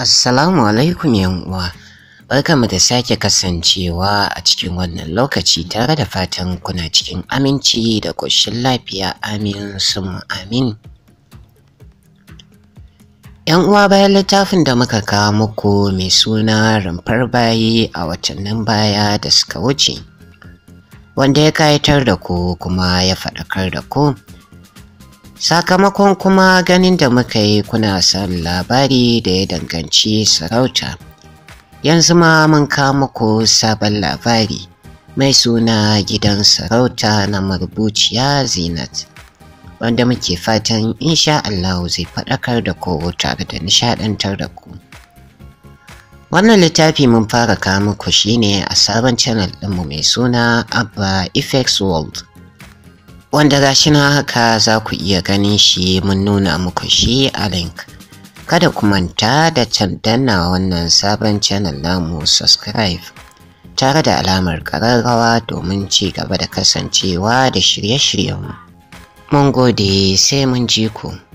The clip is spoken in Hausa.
Assalamu alaikum uwa. Barkamu da sake kasancewa a cikin wannan lokaci tare da fatan kuna cikin aminci da ƙoshin lafiya amin sun amin. ‘Yan uwa bayan littafin da muka kawo muku mai suna rumfar bayi a watannin baya da suka wuce, wanda ya kayatar da ku kuma ya faɗakar da ku. sakamakon kuma ganin da muka yi kuna son labari da ya danganci sarauta yanzu ma mun kama ku sabon labari mai suna gidan sarauta na marubuciya zinat wanda muke fatan insha Allah zai faɗakar da ku tare da nishaɗantar da ku wannan littafi mun fara kawo muku shine a sabon channel ɗinmu mai suna abba effects world wanda gashi na haka za ku iya ganin shi mun nuna muku shi a link kada ku manta da danna wannan sabon channel namu subscribe tare da alamar ƙararrawa domin ci gaba da kasancewa da shirye-shiryenmu mun gode sai mun ji ku